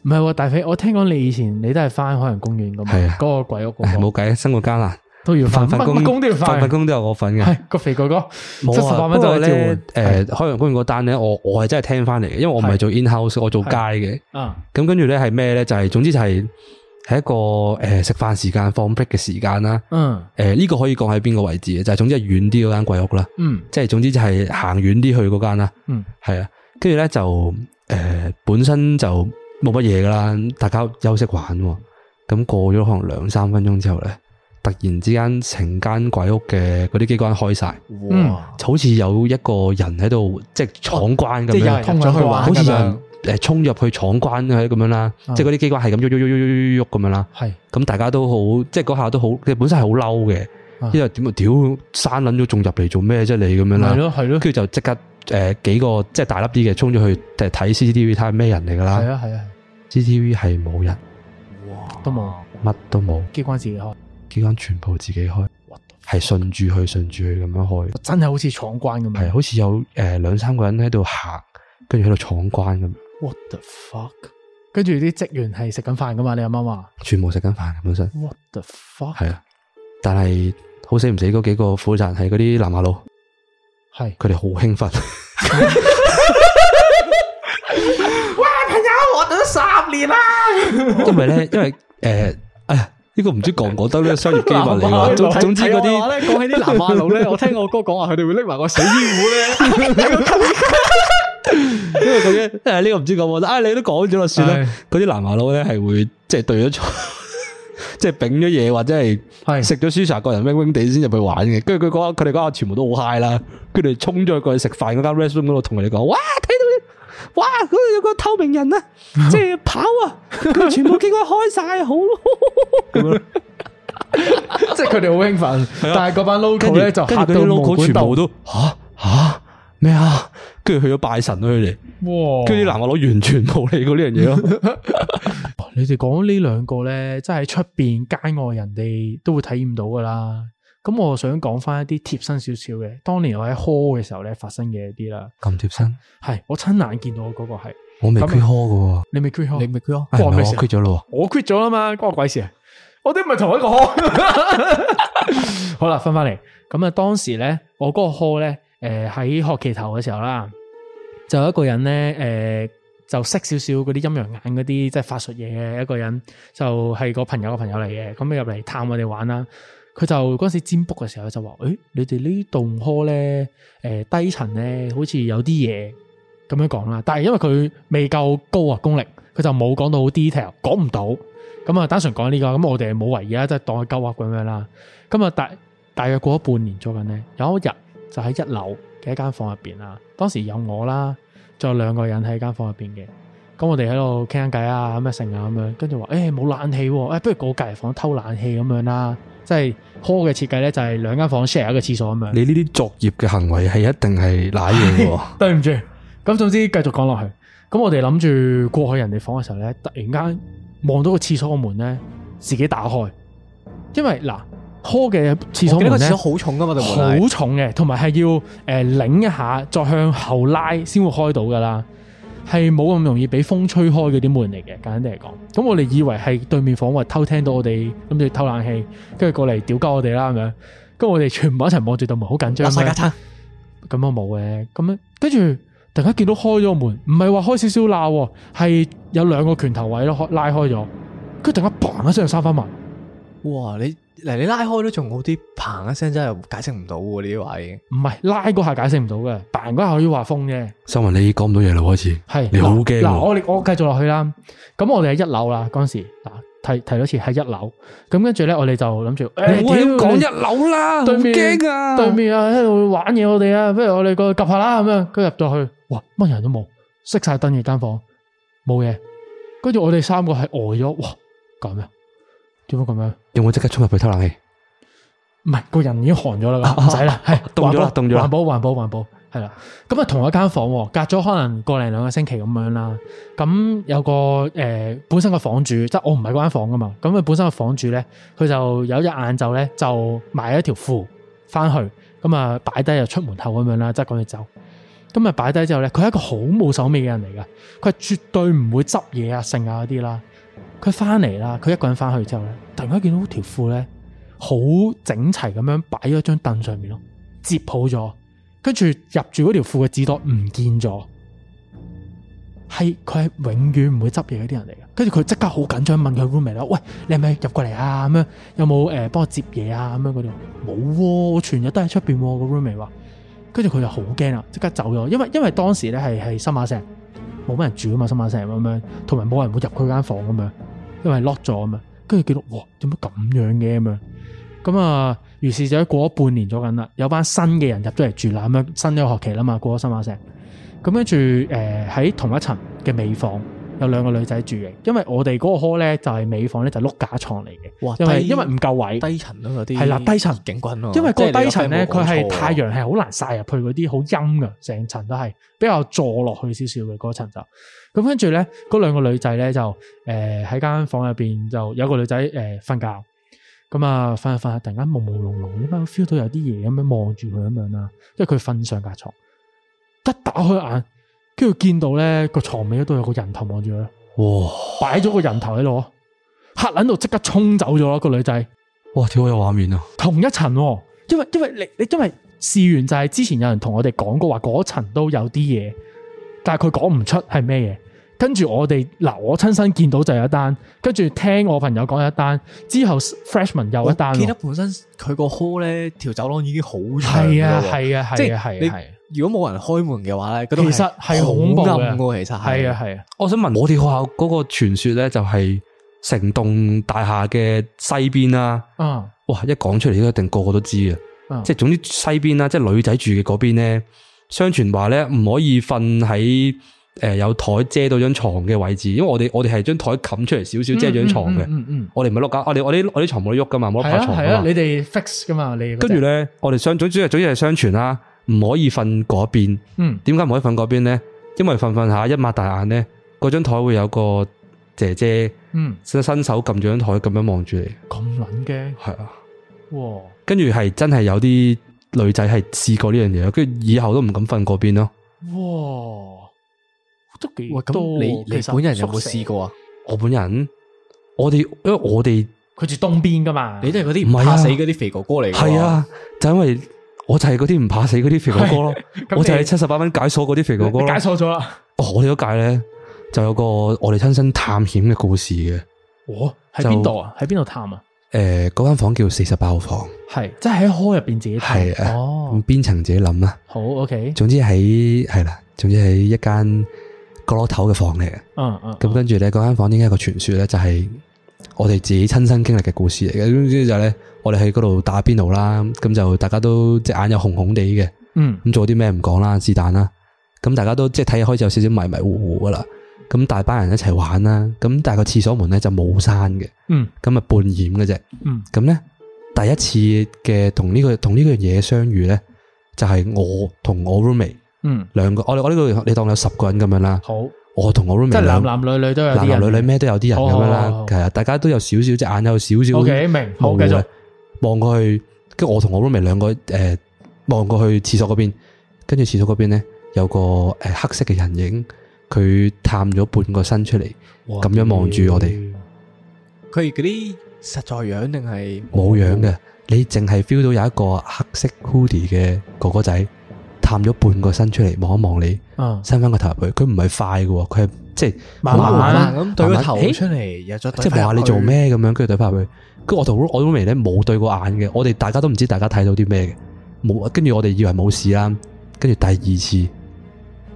唔係，大肥，我聽講你以前你都係翻海洋公園噶嘛？係嗰個鬼屋，冇計，生活艱難，都要翻份工都要翻份工都有我份嘅。係個肥哥哥，七十八蚊誒，海洋公園嗰單咧，我我係真係聽翻嚟嘅，因為我唔係做 in house，我做街嘅。啊，咁跟住咧係咩咧？就係總之就係喺一個誒食飯時間放 break 嘅時間啦。嗯，誒呢個可以講喺邊個位置嘅？就係總之係遠啲嗰間鬼屋啦。嗯，即係總之就係行遠啲去嗰間啦。嗯，係啊，跟住咧就誒本身就。冇乜嘢噶啦，大家休息玩，咁過咗可能兩三分鐘之後咧，突然之間成間鬼屋嘅嗰啲機關開晒，嗯哇，好似有一個人喺度即係闖關咁樣，衝入、哦、去玩，好似人誒衝入去闖關咁樣啦，啊、即係嗰啲機關係咁喐喐喐喐喐喐喐咁樣啦，係的，咁大家都好，即係嗰下都好，佢本身係好嬲嘅，啊、因為點啊，屌，閂撚咗仲入嚟做咩啫你咁樣啦，係咯係咯，跟住就即刻。誒、呃，幾個即係大粒啲嘅衝咗去誒睇 CCTV，睇下咩人嚟噶啦？係啊，係啊，CCTV 係冇人，哇，都冇乜都冇，機關自己開，機關全部自己開，係順住去順住去咁樣開，真係好似闖關咁，係好似有誒兩、呃、三個人喺度行，跟住喺度闖關咁。What the fuck？跟住啲職員係食緊飯噶嘛？你阿媽話全部食緊飯本身。What the fuck？係啊，但係好死唔死嗰幾個負責人係嗰啲南馬路。係佢哋好興奮，哇！ 朋友，我等咗十年啦。因為咧，因為誒，哎、呀，呢、這個唔知講唔講得咧，這個、商業機密你嚟。總之嗰啲咧，講起啲南無佬咧，我聽我哥講話，佢哋會拎埋個死衣褲咧。因為嗰啲誒，呢、哎這個唔知講唔講得啊。你都講咗啦，算啦。嗰啲南無佬咧係會即係對咗錯。 即係丙咗嘢，或者係食咗舒茶，個人 wing wing 地先入去玩嘅。跟住佢講，佢哋嗰下全部都好 high 啦。跟住衝咗去食飯嗰間 restaurant 嗰度，同佢哋講，哇，睇到，哇，嗰度有個透明人啊！即係跑啊！ 全部見佢開晒，好咯。即係佢哋好興奮，但係嗰班 local 咧就嚇到 local 全部都。吓吓咩啊？啊 跟住去咗拜神咯、啊，佢哋。哇！跟住啲南華佬完全冇理過呢樣嘢咯。 你哋講呢兩個咧，即係出邊街外面人哋都會體驗到噶啦。咁我想講翻一啲貼身少少嘅，當年我喺 hall 嘅時候咧發生嘅一啲啦。咁貼身係我親眼見到嗰個係，我未 quit hall 噶喎，你未 quit hall，你未 quit hall，唔唉我 quit 咗咯，我 quit 咗啦嘛，關我鬼事啊！我哋唔係同一個 hall。好啦，翻翻嚟，咁啊，當時咧、呃，我嗰個 hall 咧，誒喺學期頭嘅時候啦。就有一個人咧，誒、呃、就識少少嗰啲陰陽眼嗰啲，即係法術嘢嘅一個人，就係、是、個朋友嘅朋友嚟嘅。咁入嚟探我哋玩啦。佢就嗰陣時占卜嘅時候就話：誒、欸、你哋呢棟 Hall 咧，誒、呃、低層咧，好似有啲嘢咁樣講啦。但係因為佢未夠高啊功力，佢就冇講到好 detail，講唔到。咁啊，單純講呢、這個咁，我哋冇懷疑啦，即係當佢鳩噏咁樣啦。咁啊，大大約過咗半年左右咧，有一日就喺一樓。嘅一間房入邊啊，當時有我啦，仲有兩個人喺間房入邊嘅，咁我哋喺度傾緊偈啊，咁嘅成啊咁樣，跟住話，誒冇冷氣，啊，誒、欸、不如過隔籬房偷冷氣咁樣啦，即係好嘅設計咧，就係兩間房 share 一個廁所咁樣。你呢啲作業嘅行為係一定係賴嘢， 對唔住。咁總之繼續講落去，咁我哋諗住過去人哋房嘅時候咧，突然間望到個廁所嘅門咧，自己打開，因為嗱。開嘅廁所門咧，好重嘛。好重嘅，同埋係要誒擰一下，再向後拉先會開到噶啦，係冇咁容易俾風吹開嗰啲門嚟嘅，簡單啲嚟講。咁我哋以為係對面房或偷聽到我哋，咁就偷冷氣，跟住過嚟屌鳩我哋啦，咁樣。跟住我哋全部一齊望住道門，好緊張咧。咁我冇嘅，咁樣跟住突然間見到開咗門，唔係話開少少罅，係有兩個拳頭位咯，開拉開咗，跟住突然間嘭一聲就閂翻埋。哇！你～嗱，你拉開都仲好啲，嘭一聲真係解釋唔到嘅，呢位，唔係拉嗰下解釋唔到嘅，嘭嗰下可以話風啫。新聞你講唔到嘢啦，開始係你好驚。嗱，我哋我繼續落去啦。咁我哋喺一樓啦，嗰時嗱提提到一次喺一樓，咁跟住咧我哋就諗住誒，點講一樓啦？唔驚啊！對面啊喺度玩嘢，我哋啊，不如我哋過去 𥄫 下啦，咁樣，跟住入到去，哇，乜人都冇，熄晒燈，呢間房冇嘢，跟住我哋三個係呆咗，哇，講咩？點解咁樣？有冇即刻衝入去偷冷氣？唔係，個人已經寒咗啦，唔使啦，係凍咗，凍咗是。環了保，環了保，環保，係啦。咁啊，同一間房間，隔咗可能過零兩個星期咁樣啦。咁有個誒、呃，本身個房主，即、就、係、是、我唔係嗰間房噶嘛。咁啊，本身個房主咧，佢就有一日晏晝咧，就買咗條褲翻去，咁啊，擺低就出門口咁樣啦，即係趕住走。咁啊，擺低之後咧，佢係一個好冇手尾嘅人嚟噶，佢係絕對唔會執嘢啊，剩啊嗰啲啦。佢翻嚟啦，佢一個人翻去之後咧，突然間見到條褲咧，好整齊咁樣擺喺張凳上面咯，折好咗，跟住入住嗰條褲嘅紙袋唔見咗，係佢係永遠唔會執嘢嗰啲人嚟嘅。跟住佢即刻好緊張問佢 Roomie 啦，喂，你係咪入過嚟啊？咁樣有冇誒幫我執嘢啊？咁樣嗰度冇喎，我、啊、全日都喺出邊。個 Roomie 話，跟住佢就好驚啦，即刻走咗。因為因為當時咧係係新馬石，冇乜人住啊嘛，新馬石咁樣，同埋冇人會入佢間房咁樣。因為落咗啊嘛，跟住記錄，哇，做乜咁樣嘅，咁樣，咁、嗯、啊，於是就喺過咗半年咗緊啦，有班新嘅人入咗嚟住啦，咁啊，新一個學期啦嘛，過咗新啊石，咁跟住誒喺同一層嘅尾房。有兩個女仔住嘅，因為我哋嗰個 hall 咧就係、是、尾房咧就是、碌架床嚟嘅，哇因為夠、啊啊、因為唔夠位，低層咯嗰啲係啦，低層，勁棍咯，因為個低層咧佢係太陽係好難曬入，去嗰啲好陰嘅，成層都係比較坐落去少少嘅嗰層就咁，跟住咧嗰兩個女仔咧就誒喺間房入邊就有個女仔誒瞓覺，咁啊瞓下瞓下突然間朦朦朧朧咁樣 feel 到有啲嘢咁樣望住佢咁樣啦，因為佢瞓上架床，一打開眼。跟住見到咧個床尾嗰度有個人頭望住佢，哇！擺咗個人頭喺度，吓！諗到即刻衝走咗啦個女仔，哇！點解有畫面啊？同一層，因為因為你你因為事源就係之前有人同我哋講過話嗰層都有啲嘢，但係佢講唔出係咩嘢。跟住我哋嗱、啊，我親身見到就有一單，跟住聽我朋友講一單之後，freshman 又一單。我記得本身佢個 hall 咧條走廊已經好長咯，係啊，係啊，啊，啊，啊，啊，啊，即係啊，係。如果冇人開門嘅話咧，其實係恐怖嘅。其實係啊係啊，我想問，我哋學校嗰個傳說咧就係成棟大廈嘅西邊啦。啊，哇！一講出嚟都一定個個都知嘅。即係總之西邊啦，即係女仔住嘅嗰邊咧。相傳話咧唔可以瞓喺誒有台遮到張床嘅位置，因為我哋我哋係張台冚出嚟少少遮張床嘅。嗯嗯，我哋唔係碌架，我哋我哋我哋床冇得喐噶嘛，冇得爬床係啊，你哋 fix 噶嘛你？跟住咧，我哋相總之係總之係相傳啦。唔可以瞓嗰邊，嗯，點解唔可以瞓嗰邊咧？因為瞓瞓下一擘大眼咧，嗰張台會有個姐姐，嗯，伸手撳住張台，咁樣望住你，咁撚驚，係、嗯、啊，哇！跟住係真係有啲女仔係試過呢樣嘢，跟住以後都唔敢瞓嗰邊咯，哇、嗯！都幾多？你其實你本人有冇試過啊？過我本人，我哋，因為我哋，佢住東邊噶嘛，你即係嗰啲唔怕死嗰啲、啊、肥哥哥嚟，係啊，就因為。我就係嗰啲唔怕死嗰啲肥哥哥咯，我就係七十八蚊解鎖嗰啲肥哥哥。 嗯、我解鎖咗啦！哦，我哋嗰屆咧就有個我哋親身探險嘅故事嘅。哦，喺邊度啊？喺邊度探啊？誒、呃，嗰間房叫四十八號房，係是即係喺開入邊自己睇、啊、哦，邊層自己諗啊。好，OK。總之喺係啦，總之喺一間角落頭嘅房嚟嘅、嗯。嗯嗯。咁跟住咧，嗰間房點解個傳說咧，就係、是。我哋自己親身經歷嘅故事嚟嘅，總之就係咧，我哋喺嗰度打邊爐啦，咁就大家都隻眼又紅紅地嘅，嗯，咁做啲咩唔講啦，是但啦，咁大家都即係睇開始有少少迷迷糊糊噶啦，咁大班人一齊玩啦，咁但係個廁所門咧就冇閂嘅，嗯，咁啊半掩嘅啫，嗯，咁咧第一次嘅同呢個同呢個嘢相遇咧，就係我同我 roommate，嗯，兩個我我呢度、這個、你當你有十個人咁樣啦，好。我同我 roommate 即係男男女女都有，男男女女咩都有啲人咁，哦，樣啦。哦，其實大家都有少少隻眼有小小 okay，有少少。O 明好繼續望過去。跟住我同我 roommate 兩個誒，望，呃，過去廁所嗰邊。跟住廁所嗰邊咧，有個誒黑色嘅人影，佢探咗半個身出嚟，咁哇樣望住我哋。佢嗰啲實在樣定係冇樣嘅？你淨係 feel 到有一個黑色 hoodie 嘅哥哥仔。探咗半個身出嚟，望一望你，啊、伸翻個頭入去，佢唔係快嘅，佢係即係慢慢咁慢對個頭出嚟，欸、又再即係話你做咩咁樣，跟住對翻入去， 跟住我同我阿媽咧冇對過眼嘅，我哋大家都唔知大家睇到啲咩嘅，冇跟住我哋以為冇事啦，跟住第二次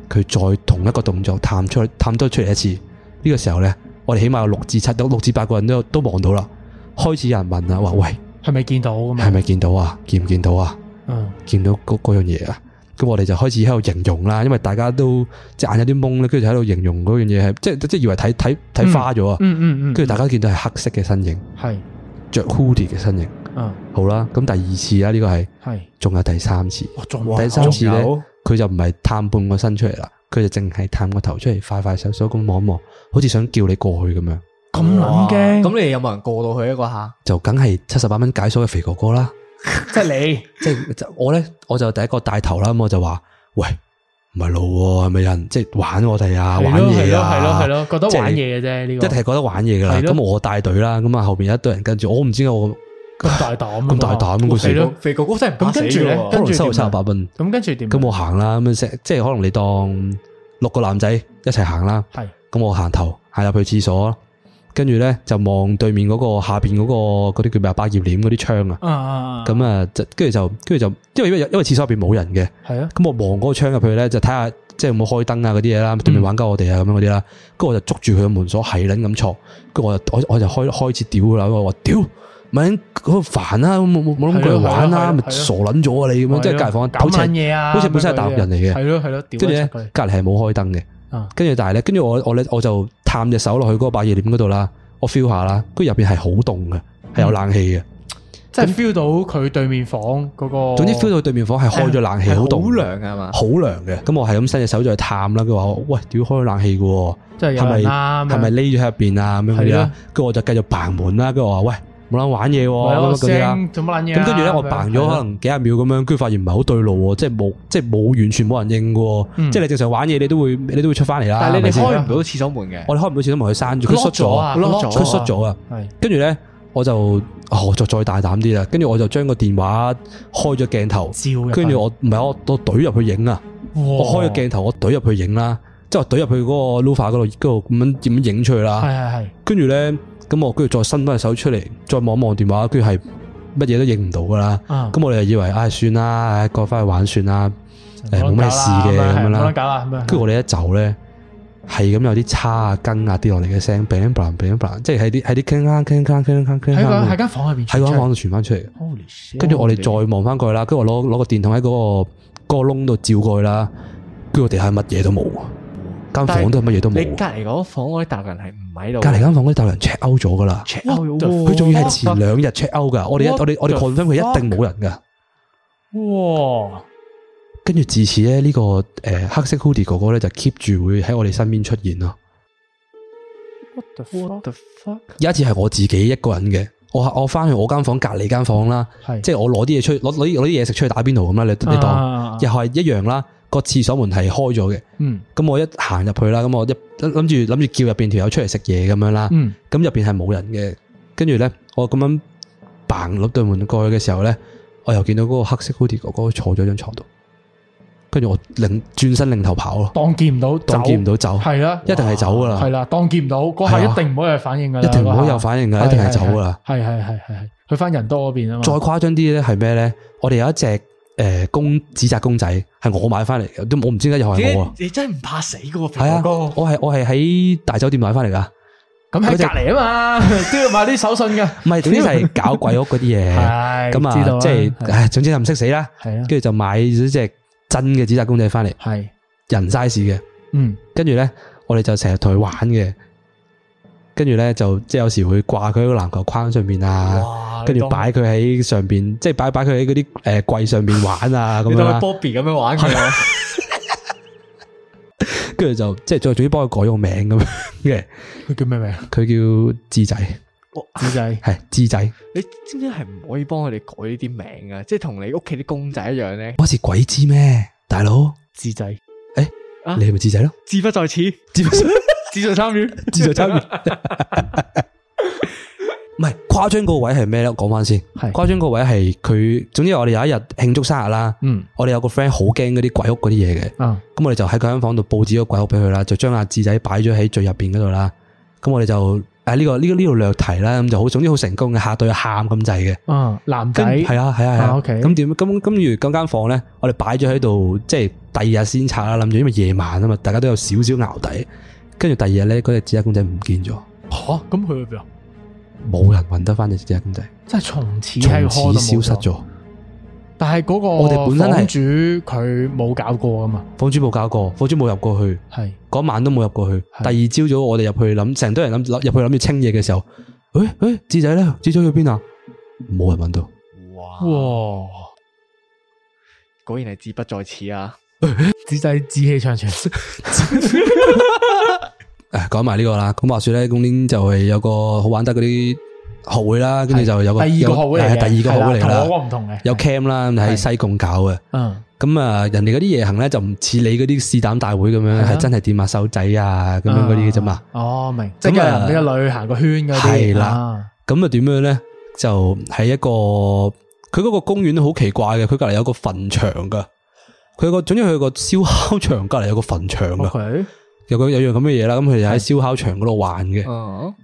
佢再同一個動作探出嚟，探多出嚟一次，呢、呢個時候咧我哋起碼有六至七到六至八個人都都望到啦，開始有人問啦，話喂，係咪見到咁係咪見到啊？見唔、嗯、見到啊？嗯，見到嗰嗰樣嘢啊？咁我哋就開始喺度形容啦，因為大家都隻眼有啲矇咧，跟住喺度形容嗰樣嘢係，即係即係以為睇睇睇花咗啊，跟住大家見到係黑色嘅身形，係着 hoodie 嘅身形。嗯，好啦，咁第二次啊，呢個係係，仲是有第三次，第三次咧，佢有就唔係探半個身出嚟啦，佢就淨係探個頭出嚟，快快手手咁望一望，好似想叫你過去咁樣，咁撚驚，咁你哋有冇人過到去一個下？就梗係七十八蚊解鎖嘅肥哥哥啦。即係你，即係我咧，我就第一個帶頭啦。咁我就話：喂，唔係路喎，係咪有人即係玩我哋啊？玩嘢啊？係咯，係咯，覺得玩嘢嘅啫。呢個一係覺得玩嘢噶啦。咁我帶隊啦。咁啊，後邊一堆人跟住。我唔知我咁大膽，咁大膽嘅故事咯。肥哥哥真係唔怕死嘅。跟住收咗七十八蚊。咁跟住點？咁我行啦。咁樣即係可能你當六個男仔一齊行啦。係。咁我行頭，行入去廁所。跟住咧就望對面嗰個下邊嗰個嗰啲叫咩啊，百葉簾嗰啲窗啊，咁啊，跟住就跟住就因為因為因為廁所入邊冇人嘅，係啊，咁我望嗰個窗入去咧就睇下即係有冇開燈啊嗰啲嘢啦，對面玩鳩我哋啊咁樣嗰啲啦，跟住我就捉住佢個門鎖係撚咁坐，跟住我我我就開開始屌佢啦，我話屌，咪好煩啊，冇冇冇諗過嚟玩啊，咪傻撚咗啊。你咁樣，即係隔籬房嘢啊？好似本身係大陸人嚟嘅，係咯，係咯，跟住咧隔籬係冇開燈嘅。跟住，但係咧，跟住我，我咧，我就探隻手落去嗰個百葉簾嗰度啦，我 feel 下啦，佢入邊係好凍嘅，係有冷氣嘅，嗯，即係 feel 到佢對面房嗰，嗰個，總之 feel 到對面房係開咗冷氣，好涼嘅係嘛，好涼嘅，咁我係咁伸隻手再探啦，佢話喂，屌開咗冷氣嘅，即係係咪係咪匿咗喺入邊啊咁樣嗰啲，跟住我就繼續扒門啦，跟住我話喂。我諗玩嘢咁嗰啲啦，咁跟住咧我扮咗可能幾廿秒咁樣，跟住發現唔係好對路，即係冇即係冇完全冇人應嘅，即係你正常玩嘢你都會你都會出翻嚟啦。但係你哋開唔到廁所門嘅，我哋開唔到廁所門，佢閂住，佢縮咗，佢縮咗，啊！跟住咧我就哦，就再大膽啲啦，跟住我就將個電話開咗鏡頭，跟住我唔係我我懟入去影啊，我開咗鏡頭，我懟入去影啦，即係懟入去嗰個 loufa 嗰度嗰度咁樣點樣影出去啦？係係係，跟住咧。咁我跟住再伸翻隻手出嚟，再望一望電話，佢係乜嘢都影唔到噶啦。咁我哋就以為唉，算啦，過翻去玩算啦，誒冇咩事嘅咁樣啦。同得咁啊。跟住我哋一走咧，係咁有啲叉啊、根啊跌落嚟嘅聲，乒乓乒乓，即係喺啲喺啲鏗鏗鏗鏗鏗鏗鏗喺個間房入邊，喺間房度傳翻出嚟。跟住我哋再望翻過去啦，跟住我攞攞個電筒喺嗰個個窿度照過去啦，跟住我哋係乜嘢都冇。間房都係乜嘢都冇。你隔籬嗰間房嗰啲大人係唔喺度。隔籬間房嗰啲大人 check out 咗噶啦。What the fuck? check out 咗，佢仲要係前兩日 check out 噶。我哋我哋我哋 confirm 佢一定冇人噶。哇！跟住自此咧，呢個、呃、黑色 hoodie 哥哥咧就 keep 住會喺我哋身邊出現咯。What the fuck? 有一次係我自己一個人嘅，我我翻去我間房隔籬間房啦，是即係我攞啲嘢出去，攞攞攞啲嘢食出去打邊爐咁啦。你你，你當、啊、又係一樣啦。個廁所門係開咗嘅，咁我一行入去啦，咁我一諗住諗住叫入邊條友出嚟食嘢咁樣啦，咁入邊係冇人嘅，跟住咧我咁樣掹碌對門過去嘅時候咧，我又見到嗰個黑色高啲哥哥坐咗張床度，跟住我擰轉身擰頭跑咯，當見唔到，當見唔到走，係啦，一定係走噶啦，係啦，當見唔到，嗰下一定唔會有反應噶，一定唔會有反應噶，一定係走噶啦，係係係係去翻人多嗰邊啊嘛，再誇張啲咧係咩咧？我哋有一隻。誒，公紙紮公仔係我買翻嚟，都我唔知點解又係我。你真係唔怕死噶，肥哥哥。我係我係喺大酒店買翻嚟噶，咁喺隔籬啊嘛，都要買啲手信噶。唔係主要係搞鬼屋嗰啲嘢，係咁啊，即係唉，總之就唔識死啦。係啊，跟住就買隻真嘅紙紮公仔翻嚟，係人 size 嘅，嗯，跟住咧，我哋就成日同佢玩嘅，跟住咧就即係有時會掛佢喺個籃球框上面啊。跟住擺佢喺上邊，即係擺擺佢喺嗰啲誒櫃上邊玩啊咁樣。你當佢 Bobby 咁樣玩佢。跟住就即係再，仲要幫佢改個名咁樣嘅。佢叫咩名啊？佢叫智仔。智仔係智仔。你知唔知係唔可以幫佢哋改呢啲名啊？即係同你屋企啲公仔一樣咧。好似鬼知咩，大佬？智仔，誒，你係咪智仔咯？智不在此，智在，智在參與，智在參與。唔係誇張個位係咩咧？講翻先，誇張個位係佢。總之我哋有一日慶祝生日啦，嗯，我哋有個 friend 好驚嗰啲鬼屋嗰啲嘢嘅，咁、嗯、我哋就喺嗰間房度布置咗鬼屋俾佢啦，就將阿智仔擺咗喺最入邊嗰度啦。咁我哋就誒呢、啊這個呢呢度略提啦，咁、這個、這個、這個、就好，總之好成功嘅，吓到佢喊咁滯嘅，啊男仔係啊係啊，啊，啊，OK。咁點？咁咁如咁間房咧，我哋擺咗喺度，即係第二日先拆啦，諗住因為夜晚啊嘛，大家都有少少熬底。跟住第二日咧，嗰隻智仔公仔唔見咗，吓咁、啊、去冇人揾得翻隻智仔，即係從此從此消失咗。但係嗰個我哋本身係房主，佢冇搞過噶嘛？房主冇搞過，房主冇入過去，係嗰是晚都冇入過去。是第二朝早我哋入去諗，成堆人諗入去諗住清嘢嘅時候，誒、欸、誒、欸，智仔咧，智仔去邊啊？冇人揾到，哇！果然係志不在此啊！ 智仔志氣長存。 誒，講埋呢個啦，咁話說咧，今年就係有個好玩得嗰啲學會啦，跟住就有個第二個學會嚟嘅，第二個學會嚟啦，同我個唔同嘅，有 cam 啦，喺西貢搞嘅，嗯，咁啊，人哋嗰啲夜行咧就唔似你嗰啲試膽大會咁樣，係真係掂下手仔啊，咁樣嗰啲嘅啫嘛。哦，明，即係一男一女行個圈嗰啲。係啦，咁啊，點樣咧？就喺一個，佢嗰個公園都好奇怪嘅，佢隔籬有個墳場噶，佢個總之佢個燒烤場隔籬有個墳場噶。有個有樣咁嘅嘢啦，咁佢哋喺燒烤場嗰度玩嘅，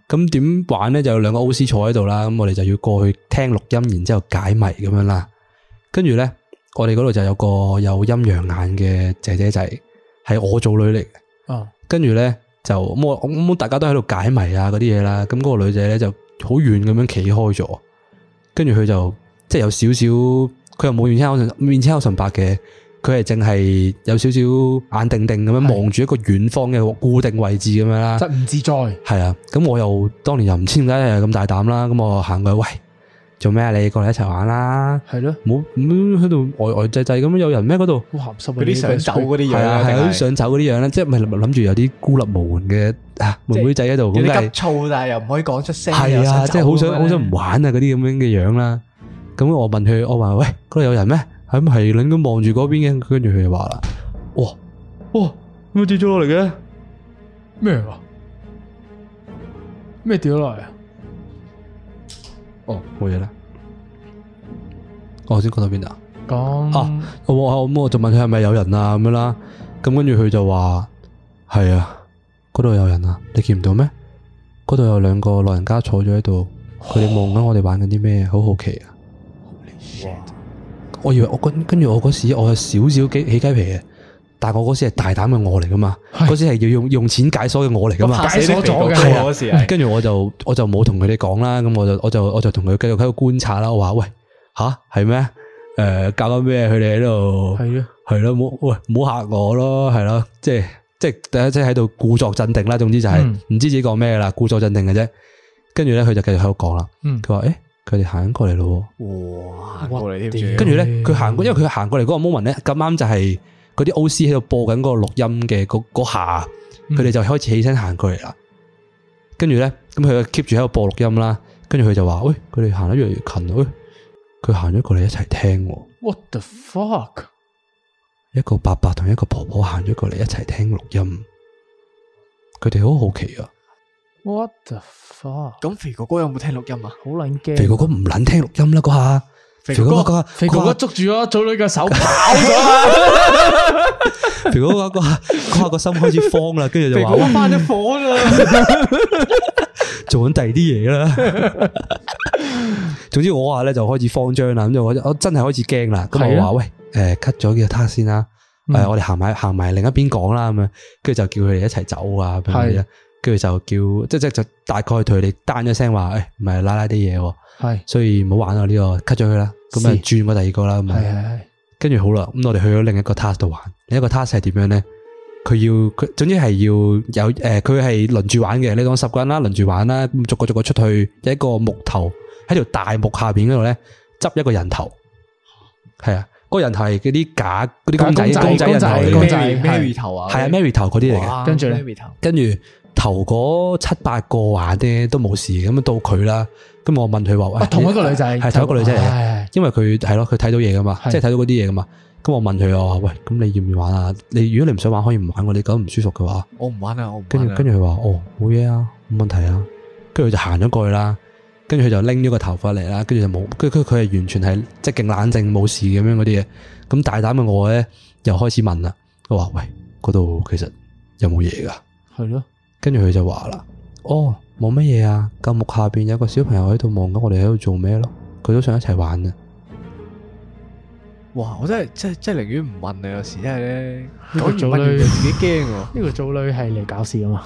咁點、嗯、玩咧？就有兩個 O.C. 坐喺度啦，咁我哋就要過去聽錄音，然之後解謎咁樣啦。跟住咧，我哋嗰度就有個有陰陽眼嘅姐姐仔，係我做女嚟嘅。哦、嗯，跟住咧就我我大家都喺度解謎啊嗰啲嘢啦，咁、那、嗰個女仔咧就好遠咁樣企開咗，跟住佢就即係、就是、有少少，佢又冇面青，面青口唇白嘅。佢係淨係有少少眼定定咁樣望住一個遠方嘅固定位置咁樣啦，唔自在。係啊，咁我又當年又唔知點解又咁大膽啦，咁我行過去，喂，做咩啊？你過嚟一齊玩啦。係咯，唔好喺度呆呆滯滯咁，有人咩嗰度？好鹹濕啊！嗰啲想走嗰啲樣，係啊，係想走嗰啲樣啦。即係唔係諗住有啲孤立無援嘅妹妹仔喺度，咁你急躁，但係又唔可以講出聲。係啊，即係好想好想唔玩啊！嗰啲咁樣嘅樣啦。咁我問佢，我話喂，嗰度有人咩？係唔係？捻緊望住嗰邊嘅，跟住佢就話啦：哇哇，點解跌咗落嚟嘅，咩啊？咩跌咗落嚟啊？哦，冇嘢啦。我先講到邊啊？講啊，我咁我，我就問佢係咪有人啊？咁樣啦，咁跟住佢就話：係啊，嗰度有人啊，你見唔到咩？嗰度有兩個老人家坐咗喺度，佢哋望緊我哋玩緊啲咩？好好奇啊！我以為我跟跟住我嗰時我係少少起起雞皮嘅，但係我嗰時係大膽嘅我嚟噶嘛，嗰的時係要用用錢解鎖嘅我嚟噶嘛，解鎖咗嘅時，跟住我就我就冇同佢哋講啦，咁我就我就我就同佢繼續喺度觀察啦，我話喂吓係咩？誒搞緊咩？佢哋喺度係咯係咯，冇、呃、的喂冇吓我咯，係咯，即係即係第一即係喺度故作鎮定啦，總之就係、是、唔、嗯、知自己講咩啦，故作鎮定嘅啫。跟住咧佢就繼續喺度講啦，佢話誒。佢哋行過嚟咯，哇！跟住咧，佢行、啊，因為佢行過嚟嗰個 moment 咧，咁啱就係嗰啲 O.C. 喺度播緊嗰個錄音嘅嗰下，佢哋就開始起身行過嚟啦。跟住咧，咁佢就 keep 住喺度播錄音啦。跟住佢就話，喂、哎，佢哋行得越嚟越近咯，喂、哎，佢行咗過嚟一齊聽喎。What the fuck！一個伯伯同一個婆婆行咗過嚟一齊聽錄音，佢哋好好奇啊！What the fuck? 咁肥哥哥有冇聽錄音啊？好撚驚！肥哥哥唔撚聽錄音啦，嗰下肥哥哥，肥哥哥捉住咗祖女嘅手咬咗啦！肥哥哥，嗰下個心開始慌啦，跟住就話我返咗房啦！做緊第二啲嘢啦！總之我話咧就開始慌張啦，咁就我我真係開始驚啦。咁我話喂，誒，cut 咗叫他先啦，誒，我哋行埋行埋另一邊講啦，咁樣，跟住就叫佢哋一齊走啊，咁樣。跟住就叫，即即就大概同佢哋單咗聲話，誒，唔係拉拉啲嘢，係，所以唔好玩啊呢個，cut 咗佢啦，咁啊轉個第二個啦，係係，跟住好啦，咁我哋去咗另一個 task 度玩，另一個 task 係點樣咧？佢要，佢總之係要有，誒，佢係輪住玩嘅，你講十個人啦，輪住玩啦，咁逐個逐個出去，有一個木頭喺條大木下邊嗰度咧，執一個人頭，係啊，個人頭係嗰啲假嗰啲公仔，公仔人頭嚟，公仔，marry 頭啊，係啊 marry 頭嗰啲嚟嘅，跟住咧，跟住。頭嗰七八個話，咧都冇事，咁樣到佢啦。咁我問佢話：，喂，同一個女仔，係、哎哎、同一個女仔。哎、因為佢係咯，佢睇到嘢噶嘛，是的 即係睇到嗰啲嘢噶嘛。咁我問佢啊，喂，咁你要唔要玩啊？你如果你唔想玩，可以唔玩。我你覺得唔舒服嘅話，我唔玩啊，我唔跟住。跟住佢話：，哦，冇嘢啊，冇問題啊。跟住佢就行咗過去啦。跟住佢就拎咗個頭髮嚟啦。跟住就冇，跟跟佢係完全係即係勁冷靜冇事咁樣嗰啲嘢。咁大膽嘅我咧，又開始問啦。佢話：，喂，嗰度其實有冇嘢噶？係咯。跟住佢就話啦，哦，冇乜嘢啊！舊木下邊有個小朋友喺度望緊我哋喺度做咩咯？佢都想一齊玩啊！哇！我真係真真寧願唔問你。有時真係咧，講完問完自己驚。呢 個組女係嚟搞事啊嘛！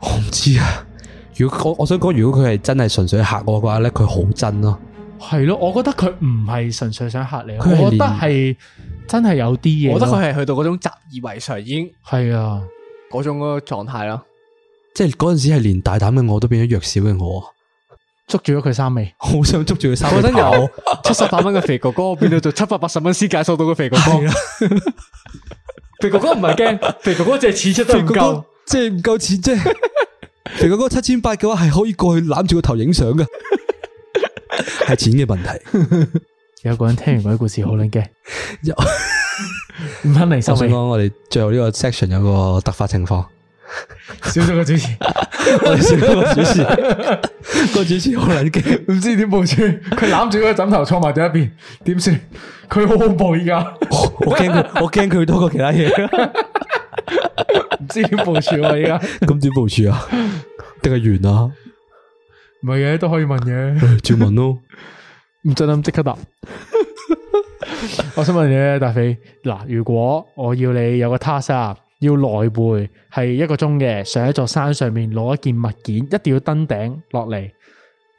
我唔知啊。如果我我想講，如果佢係真係純粹嚇我嘅話咧，佢好真咯。係咯、啊，我覺得佢唔係純粹想嚇你。我覺得係真係有啲嘢、啊。我覺得佢係去到嗰種習以為常，已經係啊嗰種嗰個狀態咯。即係嗰陣時係連大膽嘅我都變咗弱小嘅我、啊，捉住咗佢衫尾，好想捉住佢衫尾。覺得由七十八蚊嘅肥，肥哥哥，變到做七百八十蚊先解鎖到嘅肥哥哥。肥哥哥唔係驚，肥哥哥淨係錢出得唔夠，即係唔夠錢啫。 肥哥哥七千八嘅話係可以過去攬住個頭影相㗎，係 錢嘅問題。 有個人聽完嗰啲故事好撚驚，五分零收尾。我想講我哋最後呢個 section 有個突發情況。少咗個主持，我少咗個主持，個主持好人驚，唔知點部署。佢攬住個枕頭坐埋第一邊，點算？佢好恐怖而家，我驚佢，我驚佢多過其他嘢，唔知點部署啊！而家咁點部署啊？定係完啊？唔係嘅都可以問嘅，轉問咯。唔准諗，即刻答。我想問嘢，大肥。嗱，如果我要你有個 task 要來回係一個鐘嘅上一座山上面攞一件物件，一定要登頂落嚟。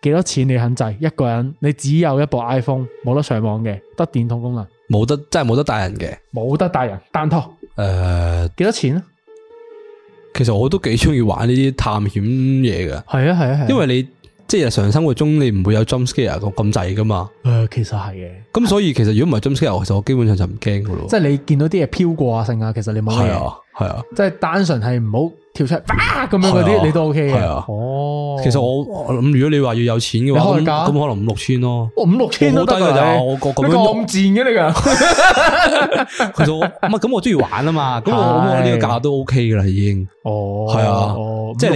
幾多錢你肯制一個人？你只有一部 iPhone，冇得上網嘅，得電筒功能，冇得，真係冇得帶人嘅，冇得帶人單拖。誒、呃，幾多錢啊？其實我都幾中意玩呢啲探險嘢嘅，係啊係啊係。 因為你即係、就是、日常生活中你唔會有 jump scare 咁咁制噶嘛。誒，其實係嘅。咁所以其實如果唔係 jump scare，其實我基本上就唔驚噶咯。即係你見到啲嘢飄過啊剩啊，其實你冇。係啊。係啊，即係單純係唔好跳出咁樣嗰啲，你都 OK 嘅。哦，其實我我諗，如果你話要有錢嘅話，咁可能五六千咯。五六千都得嘅，咋？我咁咁賤嘅你啊！其實咁，我中意玩啊嘛。咁我呢個價都 OK 噶啦，已經。哦，係啊，即係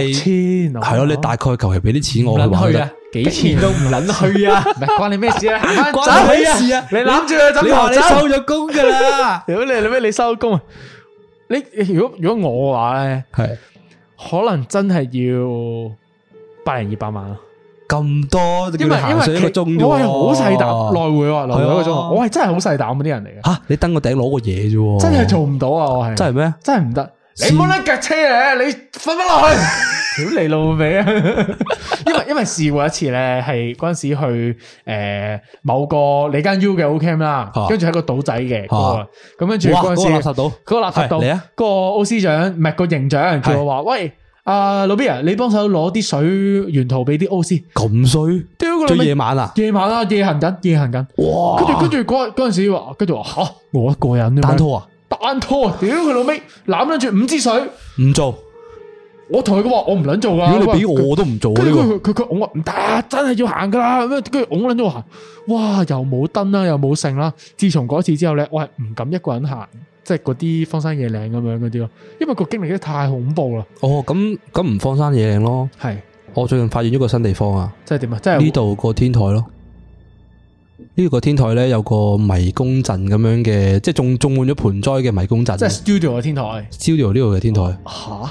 你係咯，你大概求其俾啲錢我，我唔得，幾錢都唔捻去啊？唔關你咩事啊？關你事啊？你攬住佢走埋，你收咗工噶啦？屌你，你咩？你收工啊？你如果如果我嘅話咧，係的可能真係要百零二百萬，咁多，因為你個因為其中的一個的我係好細膽來回，來回個鐘，我係真係好細膽嗰啲人嚟嘅。吓，你登個頂攞個嘢啫，真係做唔到啊！我係真係咩？真係唔得！你唔好拎架車嘅，你瞓翻落去。 屌你老味啊！因為因為試過一次咧，係嗰陣時去誒某個你間 U 嘅 O camp 啦，跟住喺個島仔嘅，咁跟住嗰陣個垃圾島，嗰個垃圾島，個 O C 長唔係個營長，叫我話喂，阿老 B，你幫手攞啲水沿途俾啲 O C 咁衰，屌佢老味夜晚啊，夜晚啊，夜行緊，夜行緊，哇！跟住跟住嗰嗰陣時話，跟住話吓我一個人單拖啊，單拖，屌佢老味攬得住五支水唔做。我同佢講話，我唔捻做噶。如果你俾我他我都唔做，跟住佢佢佢，這個、拱我唔得，啊，真係要行噶啦。咁跟住我捻咗行！哇，又冇燈啦，又冇剩啦。自從嗰次之後咧，我係唔敢一個人行，即係嗰啲荒山野嶺咁樣嗰啲咯。因為個經歷得太恐怖啦。哦，咁咁唔荒山野嶺咯。係是，我最近發現咗個新地方啊。即係點啊？即係呢度個天台咯。呢個天台咧有個迷宮陣咁樣嘅，即係種種滿咗盆栽嘅迷宮陣。即係 studio 嘅天台。studio 呢度嘅天台。吓？